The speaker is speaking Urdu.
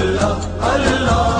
اللہ اللہ